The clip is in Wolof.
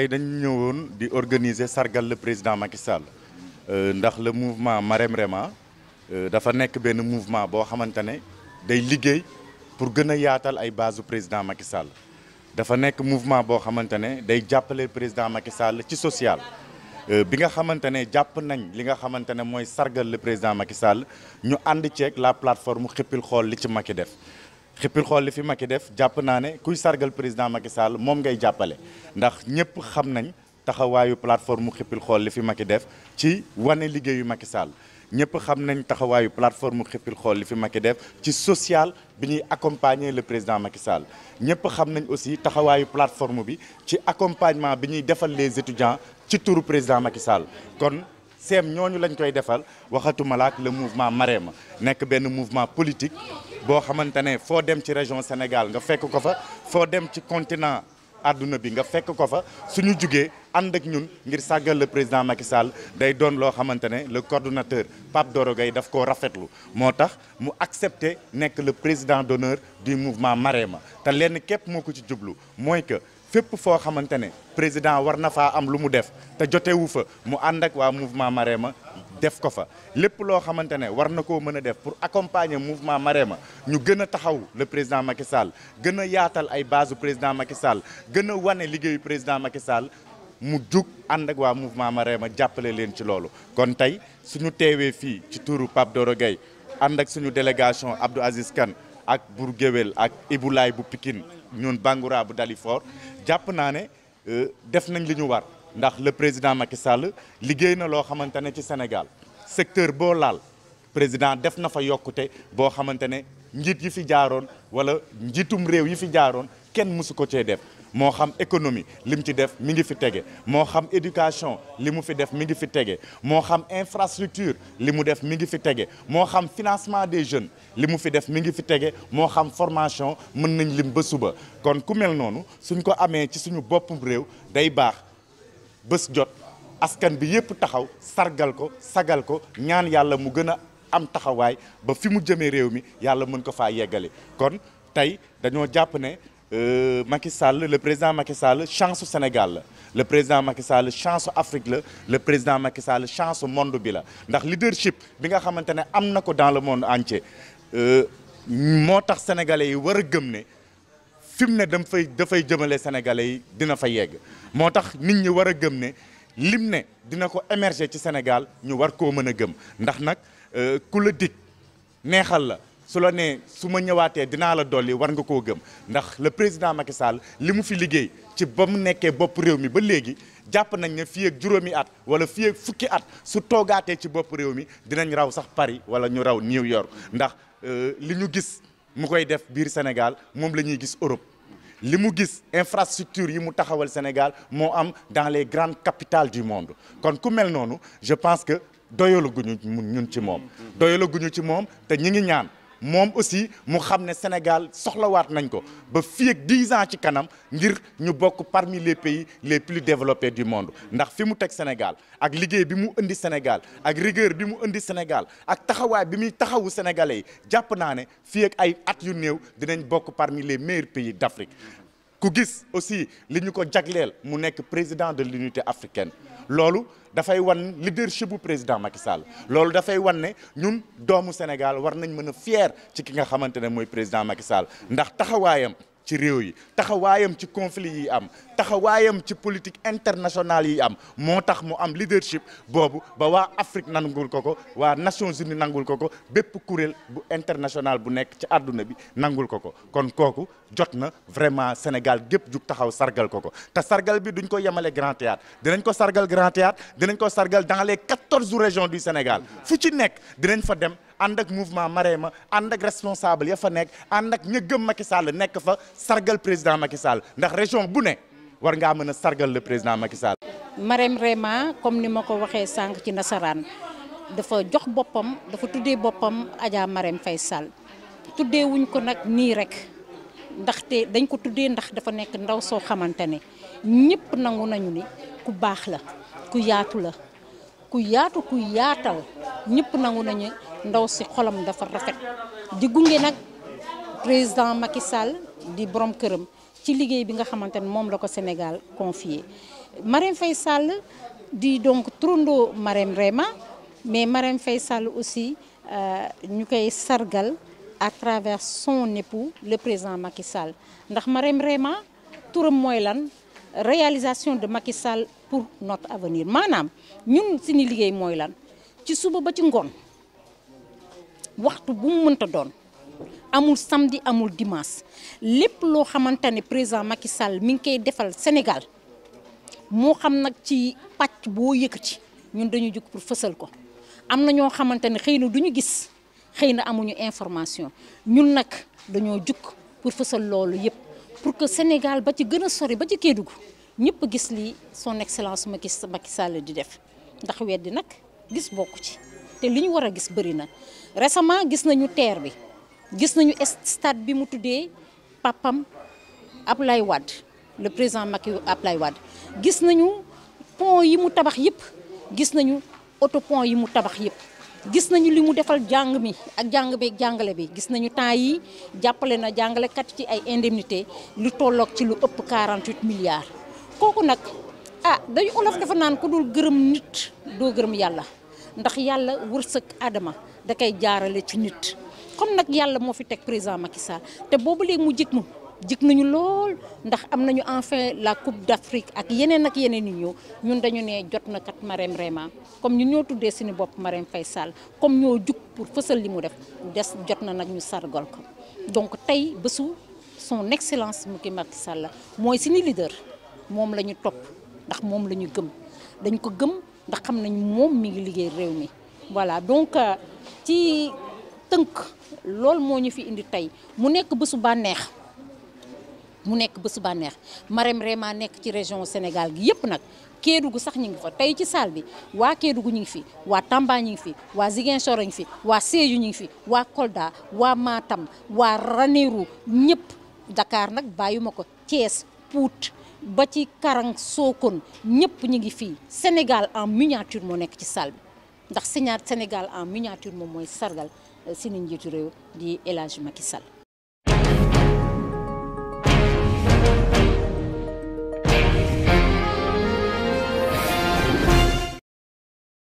tey dañu ñëwoon di organiser sargal le président Macky Sall euh, ndax le mouvement Marème Rema euh, dafa nekk benn mouvement boo xamante ne day liggéey pour gën a yaatal ay base président Macky Sall dafa nekk mouvement boo xamante ne day jàppale président Macky Sall ci social euh, bi nga xamante ne jàpp nañ li nga xamante ne mooy sargal le président Macky Sall ñu ànd ceeg la plateforme xëppil xool li ci Macky def xippil xool li fi Macky def jàpp naa ne kuy sargal président Macky Sall moom ngay jàppale ndax ñëpp xam nañ taxawaayu plateforme xëppil xool li fi Macky def ci wane liggéeyu Macky Sall ñëpp xam nañ taxawaayu plateforme xippil xool li fi Macky def ci social bi ñuy accompagner le président Macky Sall ñëpp xam nañ aussi taxawaayu plateforme bi ci accompagnement bi ñuy defal les étudiants ci turu président Macky Sall kon seem ñooñu lañ koy defal waxatuma laak le mouvement Marème nekk benn mouvement politique boo xamante ne foo dem ci région Sénégal nga fekk ko fa foo dem ci continent àdduna bi nga fekk ko fa suñu jugee ànd ak ñun ngir sàggal le président Macky Sall day doon loo xamante ne le coordonnateur Pape Doro Gaye daf koo rafetlu moo tax mu accepté nekk le président d'honneur du mouvement ma te lenn képp moo ko ci jublu mooy que fépp foo xamante ne président war na faa am lu mu def te jotewu fa mu ànd ak waa mouvement ma def ko fa lépp loo xamante ne war na koo mën a def pour accompagner mouvement Marème ñu gën a taxaw le président Macky Sall gën a yaatal ay base président Macky Sall gën a wane liggéeyu président Macky Sall mu jug ànd ak waa mouvement Marème jàppale leen ci loolu kon tey suñu teewee fii ci turu Pape Doro Gueye ànd ak suñu délégation Abdou Aziz Kane ak Bour Guéwél ak Ibou bu Pikine ñun Bangoura bu Dalifort jàpp naa ne euh, def nañ li ñu war ndax le président Macky Sall liggéey na loo xamante ne ci Sénégal secteur boo laal président def na fa yokkute boo xamante ne njiit yi fi jaaroon wala njiitum réew yi fi jaaroon kenn mësu ko cee def moo xam économie li mu ci def mi ngi fi tege moo xam éducation li mu fi def mi ngi fi tege moo xam infrastructure li mu def mi ngi fi tege moo xam financement des jeunes li mu fi def mi ngi fi tege moo xam formation mën nañ lim ba suba kon ku mel noonu suñ ko amee ci suñu boppum réew day baax bës jot askan bi yëpp taxaw sargal ko sagal ko ñaan yàlla mu gën a am taxawaay ba fi mu jëmee réew mi yàlla mën ko faa yeggale kon tey dañoo jàpp ne euh, Macky Sall le président Macky Sall chance Sénégal la le président Macky Sall chance Afrique la le président Macky Sall chance monde bi la ndax leadership bi nga xamante ne am na ko dans le monde entier euh, moo tax sénégalais yi war a gëm ne fi mu ne dam fay dafay jëmale sénégalais yi dina fa yegg moo tax nit ñi war a gëm ne lim ne dina ko émerger ci Sénégal ñu war koo mën a gëm ndax nag euh, ku la dig neexal la su la nee su ma ñëwaatee dinaa la dolli war nga koo gëm ndax le président Macky Sall li mu fi liggéey ci ba mu nekkee bopp réew mi ba léegi jàpp nañ ne fii juróomi at wala fii fukki at su toogaatee ci bopp réew mi dinañ raw sax Paris wala ñu raw New York ndax euh, li ñu gis mu koy def biir Sénégal moom la ñuy gis Europe. li mu gis infrastructure yi mu taxawal Sénégal moo am dans les grandes capitales du monde kon ku mel noonu je pense que doyalaguñu ñun ci moom mm-hmm. doyalaguñu ci moom te ñi ngi ñaan moom aussi mu xam ne Sénégal soxlawaat nañ ko ba fii ak dix ans ci kanam ngir ñu bokk parmi les pays les plus développés du monde ndax fi mu teg Sénégal ak liggéey bi mu indi Sénégal ak rigueur bi mu indi Sénégal ak taxawaay bi muy taxawu sénégalais jàpp naa ne fii ak ay at yu néew dinañ bokk parmi les meilleurs pays d'Afrique ku gis aussi li ñu ko jagleel mu nekk président de l'unité africaine loolu dafay wan leadership bu président Macky Sall loolu dafay wan ne ñun doomu Sénégal war nañ mën a fier ci ki nga xamante ne mooy président Macky Sall ndax taxawaayam ci réew yi taxawaayam ci conflit yi am taxawaayam ci politique internationale yi am moo tax mu am leadership boobu ba waa Afrique nangul ko ko waa Nations Unies nangul ko ko bépp kuréel bu international bu nekk ci àdduna bi nangul ko ko kon kooku jot na vraiment Sénégal gépp jug taxaw sargal ko ko te sargal bi duñ ko yemale Grand Théâtre dinañ ko sargal Grand Théâtre dinañ ko sargal dans les quatorze régions du Sénégal fu ci nekk dinañ fa dem ànd ak mouvement Marème ànd ak responsable ya fa nekk ànd ak ña gëm Macky Sall nekk fa sargal président Macky Sall ndax région bu ne war ngaa mën a sargal la président Macky Sall. Marème Réma comme ni ma ko waxee sànq ci nasaraan dafa jox boppam dafa tuddee boppam Adja Marème fay Sall tuddeewuñ ko nag nii rek ndaxte dañ ko tuddee ndax dafa nekk ndaw soo xamante ne ñëpp nangu nañu ni ku baax la ku yaatu la ku yaatu ku yaatal ñëpp nangu nañu. ndaw si xolam dafa rafet di gunge nag président Macky Sall di borom këram ci liggéey bi nga xamante ne moom la ko Sénégal confié Marème fay Sall di donc turandoo Marème Réma mais Marème fay Sall aussi euh, ñu koy sargal à travers son époux le président Macky Sall ndax Marème Réma turam mooy lan réalisation de Macky Sall pour not avenir maanaam ñun suñu liggéey mooy lan ci suba ba ci ngoon waxtu bu mu mënta doon amul samedi amul dimanche lépp loo xamante ne président Macky Sall mi ngi koy defal Sénégal moo xam nag ci pacc boo ci ñun dañu jóg pour fësal ko am na ñoo xamante ne xëy na du ñu gis xëy na amuñu information ñun nag dañoo jug pour fësal loolu yëpp pour que Sénégal ba ci gën a sori ba ci dugg ñëpp gis lii son excellence Macky Macky Sall di def ndax weddi nag gis bokku ci. te li ñu war a gis bëri na récemment gis nañu teer bi gis nañu stade bi mu tuddee papam Ablaye Wade le président Macky Ablaye Wade gis nañu pont yi mu tabax yëpp gis nañu auto pont yi mu tabax yëpp gis nañu li mu defal jàng mi ak jàng bi ak jàngale bi gis nañu temps yi jàppale na jàngalekat ci ay indemnité lu tollook ci lu ëpp 48 milliards kooku nag ah dañu olof dafa naan ko dul gërëm nit doo gërëm yàlla ndax yàlla wërsëg Adama da koy jaarale ci nit comme nag yàlla moo fi teg président Macky Sall te boobu léegi mu jig mu jig nañu lool ndax am nañu enfin la coupe d'Afrique ak yeneen ak yeneen yu ñëw ñun dañu ne jot na kat Marème Rema comme ñu ñoo tuddee suñu bopp Marème fay Sall comme ñoo jug pour fësal li mu def des jot na nag ñu sargol ko donc tey bésu son excellence mu ki Macky Sall mooy suñu lider moom la ñu topp ndax moom la ñu gëm dañ ko gëm. ndax xam nañ moom mi ngi liggéey réew mi voilà donc euh, ci tënk loolu moo ñu fi indi tey mu nekk bésu bànneex mu nekk bésu bànneex Marème Réma nekk ci région Sénégal gi yëpp nag Kédougou sax ñu ngi fa tey ci saal bi waa Kédougou ñu ngi fi waa Tamba ñu ngi fi waa Ziguinchor ñu ngi fi waa Sédhiou ñu ngi fi waa Kolda waa Matam waa Ranérou ñëpp Dakar nag bàyyi ko Thiès Pout ba ci Karang Sokone ñëpp ñu ngi fii Sénégal en miniature moo nekk ci salle bi ndax signaar Sénégal en miniature moom mooy sargal euh, suñu njiitu réew di El Hadj Macky Sall